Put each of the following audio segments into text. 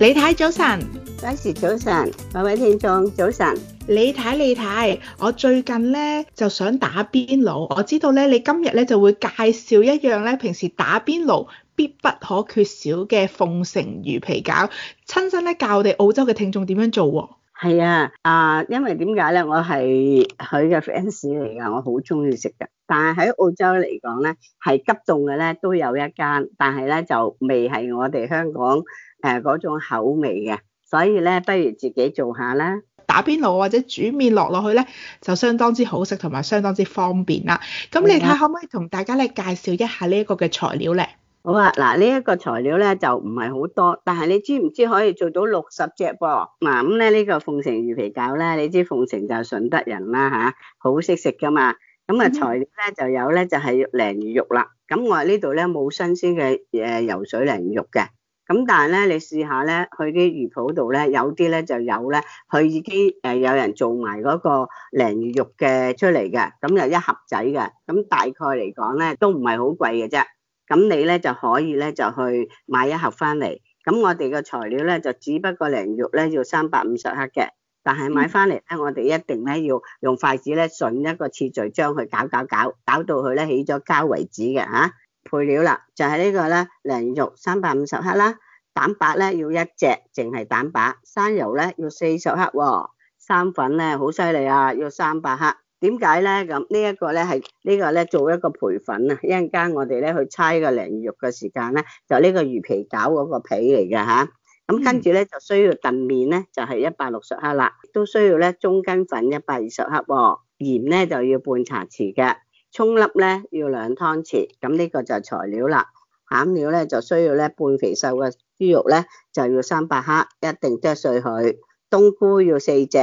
李太早晨，嘉早晨，各位聽眾早晨。李太李太，我最近咧就想打邊爐，我知道咧你今日咧就會介紹一樣咧平時打邊爐必不可缺少嘅鳳城魚皮餃，親身咧教我哋澳洲嘅聽眾點樣做喎，哦。係啊，啊、呃，因為點解咧？我係佢嘅 fans 嚟㗎，我好中意食嘅。但係喺澳洲嚟講咧，係急凍嘅咧都有一間，但係咧就未係我哋香港。誒，嗰、呃、種口味嘅，所以咧不如自己做下啦，打邊爐或者煮麵落落去咧，就相當之好食同埋相當之方便啦。咁你睇可唔可以同大家咧介紹一下呢一個嘅材料咧？好啊，嗱，呢、這、一個材料咧就唔係好多，但係你知唔知可以做到六十隻噃？嗱，咁咧呢個鳳城魚皮餃咧，你知鳳城就係順德人啦吓，好識食噶嘛。咁啊，材料咧、嗯、就有咧就係、是、鯪魚肉啦。咁我喺呢度咧冇新鮮嘅誒游水鯪魚肉嘅。咁但係咧，你試下咧，去啲魚鋪度咧，有啲咧就有咧，佢已經誒有人做埋嗰個鯪魚肉嘅出嚟嘅，咁有一盒仔嘅，咁大概嚟講咧，都唔係好貴嘅啫。咁你咧就可以咧就去買一盒翻嚟。咁我哋嘅材料咧就只不過鯪魚肉咧要三百五十克嘅，但係買翻嚟咧，我哋一定咧要用筷子咧順一個次序將佢攪攪攪攪到佢咧起咗膠為止嘅嚇。配料啦，就係、是、呢個咧鯪魚肉三百五十克啦，蛋白咧要一隻只，淨係蛋白，生油咧要四十克、哦，生粉咧好犀利啊，要三百克。點解咧咁？這這呢一個咧係呢個咧做一個培粉啊，一陣間我哋咧去猜個鯪魚肉嘅時間咧，就呢、是、個魚皮餃嗰個皮嚟嘅吓。咁跟住咧就需要燉麵咧就係一百六十克啦，都需要咧中筋粉一百二十克、哦，鹽咧就要半茶匙嘅。蔥粒咧要兩湯匙，咁呢個就係材料啦。餡料咧就需要咧半肥瘦嘅豬肉咧就要三百克，一定剁碎佢。冬菇要四隻，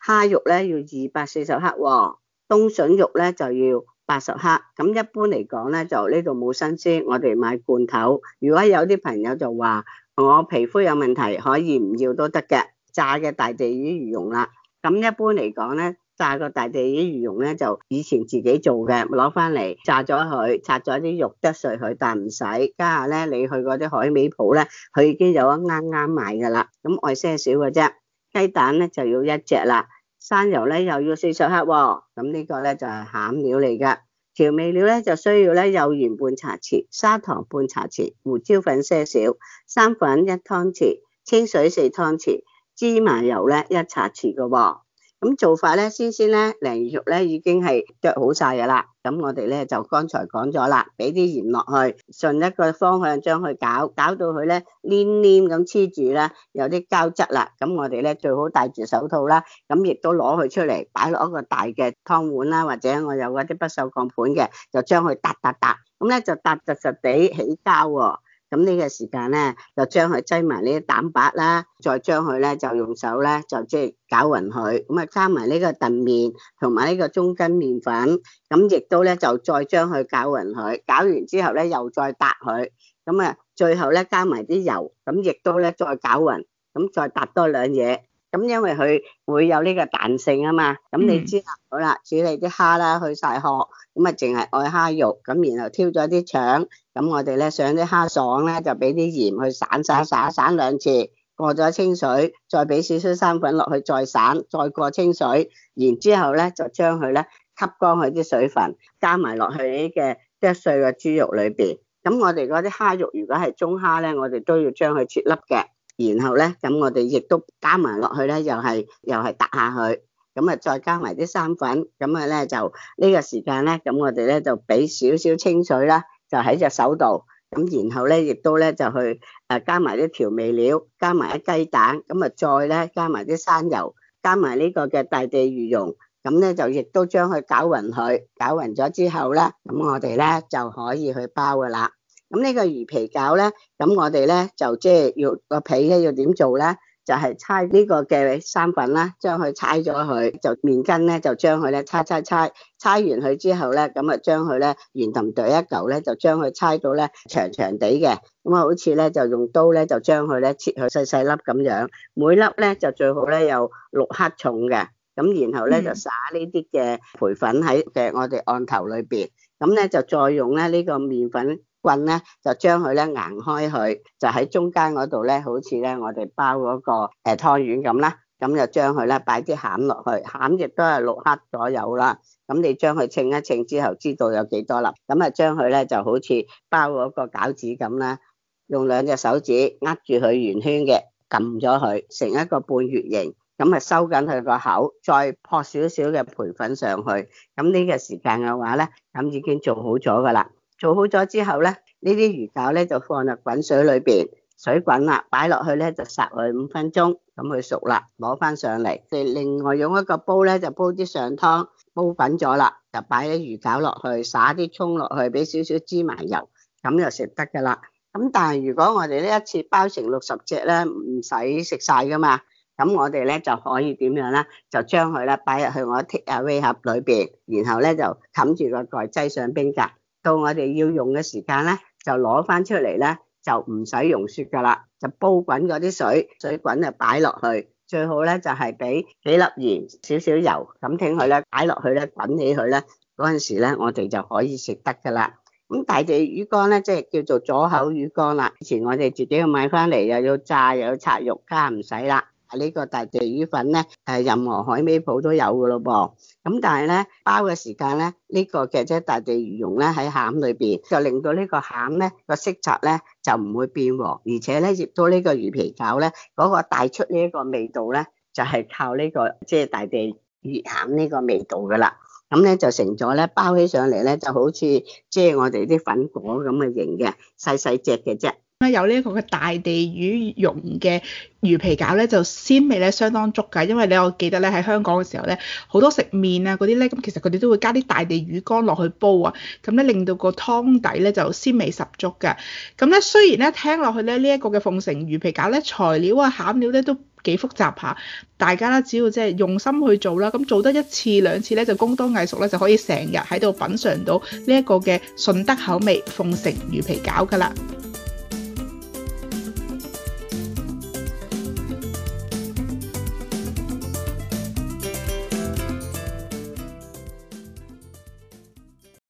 蝦肉咧要二百四十克，冬笋肉咧就要八十克。咁一般嚟講咧就呢度冇新鮮，我哋買罐頭。如果有啲朋友就話我皮膚有問題，可以唔要都得嘅。炸嘅大地魚魚蓉啦，咁一般嚟講咧。炸個大地魚茸咧，就以前自己做嘅，攞翻嚟炸咗佢，拆咗啲肉剁碎佢，但唔使。家下咧，你去嗰啲海味鋪咧，佢已經有一啱啱買㗎啦，咁外些少嘅啫。雞蛋咧就要一隻啦，生油咧又要四十克、哦。咁呢個咧就係、是、餡料嚟㗎，調味料咧就需要咧有鹽半茶匙，砂糖半茶匙，胡椒粉些少，生粉一湯匙，清水四湯匙，芝麻油咧一茶匙嘅喎、哦。咁做法咧，先先咧，鯪魚肉咧已經係剁好晒嘅啦。咁我哋咧就剛才講咗啦，俾啲鹽落去，順一個方向將佢搞搞到佢咧黏黏咁黐住啦，有啲膠質啦。咁我哋咧最好戴住手套啦，咁亦都攞佢出嚟擺落一個大嘅湯碗啦，或者我有嗰啲不鏽鋼盤嘅，就將佢嗒嗒嗒，咁咧就搭實實地起膠喎、哦。咁呢個時間咧，就將佢擠埋呢啲蛋白啦，再將佢咧就用手咧就即係攪勻佢，咁啊加埋呢個澄麵同埋呢個中筋麵粉，咁亦都咧就再將佢攪勻佢，攪完之後咧又再搭佢，咁啊最後咧加埋啲油，咁亦都咧再攪勻，咁再搭多兩嘢。咁因為佢會有呢個彈性啊嘛，咁、嗯、你知啦，好啦，煮你啲蝦啦，去晒殼，咁啊淨係愛蝦肉，咁然後挑咗啲腸，咁我哋咧上啲蝦爽咧就俾啲鹽去散散散，散兩次，過咗清水，再俾少少生粉落去再散，散，再過清水，然之後咧就將佢咧吸乾佢啲水分，加埋落去啲嘅剁碎嘅豬肉裏邊，咁我哋嗰啲蝦肉如果係中蝦咧，我哋都要將佢切粒嘅。然後咧，咁我哋亦都加埋落去咧，又係又係搭下佢，咁啊再加埋啲生粉，咁啊咧就呢個時間咧，咁我哋咧就俾少少清水啦，就喺隻手度，咁然後咧亦都咧就去誒加埋啲調味料，加埋一雞蛋，咁啊再咧加埋啲生油，加埋呢個嘅大地魚蓉，咁咧就亦都將佢攪勻佢，攪勻咗之後咧，咁我哋咧就可以去包噶啦。咁呢個魚皮餃咧，咁我哋咧就即係要個皮咧要點做咧？就係拆呢、就是、個嘅生粉啦，將佢拆咗佢，就麵筋咧就將佢咧拆拆拆，拆完佢之後咧，咁啊將佢咧圓頭剁一嚿咧，就將佢拆到咧長長哋嘅，咁啊好似咧就用刀咧就將佢咧切去細細粒咁樣，每粒咧就最好咧有六克重嘅，咁然後咧就撒呢啲嘅培粉喺嘅我哋案頭裏邊，咁咧就再用咧呢個麵粉。棍咧就將佢咧硬開佢，就喺中間嗰度咧，好似咧我哋包嗰個誒湯圓咁啦，咁就將佢咧擺啲餡落去，餡亦都係六克左右啦。咁你將佢稱一稱之後，知道有幾多粒。咁啊，將佢咧就好似包嗰個餃子咁啦，用兩隻手指握住佢圓圈嘅，撳咗佢成一個半月形，咁啊收緊佢個口，再撲少少嘅培粉上去。咁呢個時間嘅話咧，咁已經做好咗噶啦。做好咗之後咧，呢啲魚餃咧就放入滾水裏邊，水滾啦，擺落去咧就殺佢五分鐘，咁佢熟啦，攞翻上嚟。誒，另外用一個煲咧就煲啲上湯，煲滾咗啦，就擺啲魚餃落去，撒啲葱落去，俾少少芝麻油，咁就食得噶啦。咁但係如果我哋呢一次包成六十隻咧，唔使食晒噶嘛，咁我哋咧就可以點樣咧？就將佢咧擺入去我 take away 盒裏邊，然後咧就冚住個蓋，擠上冰格。到我哋要用嘅時間咧，就攞翻出嚟咧，就唔使用雪噶啦，就煲滾嗰啲水，水滾就擺落去，最好咧就係俾幾粒鹽，少少油咁整佢咧，擺落去咧，滾起佢咧，嗰陣時咧我哋就可以食得噶啦。咁大地魚乾咧，即係叫做左口魚乾啦。以前我哋自己要買翻嚟，又要炸，又要拆肉，梗係唔使啦。呢個大地魚粉咧，誒任何海味鋪都有噶咯噃。咁但係咧，包嘅時間咧，呢個嘅啫大地魚蓉咧喺餡裏邊，就令到呢個餡咧個色澤咧就唔會變黃，而且咧醃到呢個魚皮餃咧，嗰個帶出呢一個味道咧，就係靠呢個即係大地魚餡呢個味道噶啦。咁咧就成咗咧，包起上嚟咧，就好似即係我哋啲粉果咁嘅形嘅，細細隻嘅啫。咧有呢一個嘅大地魚蓉嘅魚皮餃咧，就鮮味咧相當足噶。因為咧，我記得咧喺香港嘅時候咧，好多食麵啊嗰啲咧，咁其實佢哋都會加啲大地魚乾落去煲啊，咁咧令到個湯底咧就鮮味十足噶。咁咧雖然咧聽落去咧呢一個嘅鳳城魚皮餃咧材料啊餡料咧都幾複雜下，大家咧只要即係用心去做啦，咁做得一次兩次咧就功多藝熟咧就可以成日喺度品嘗到呢一個嘅順德口味鳳城魚皮餃噶啦。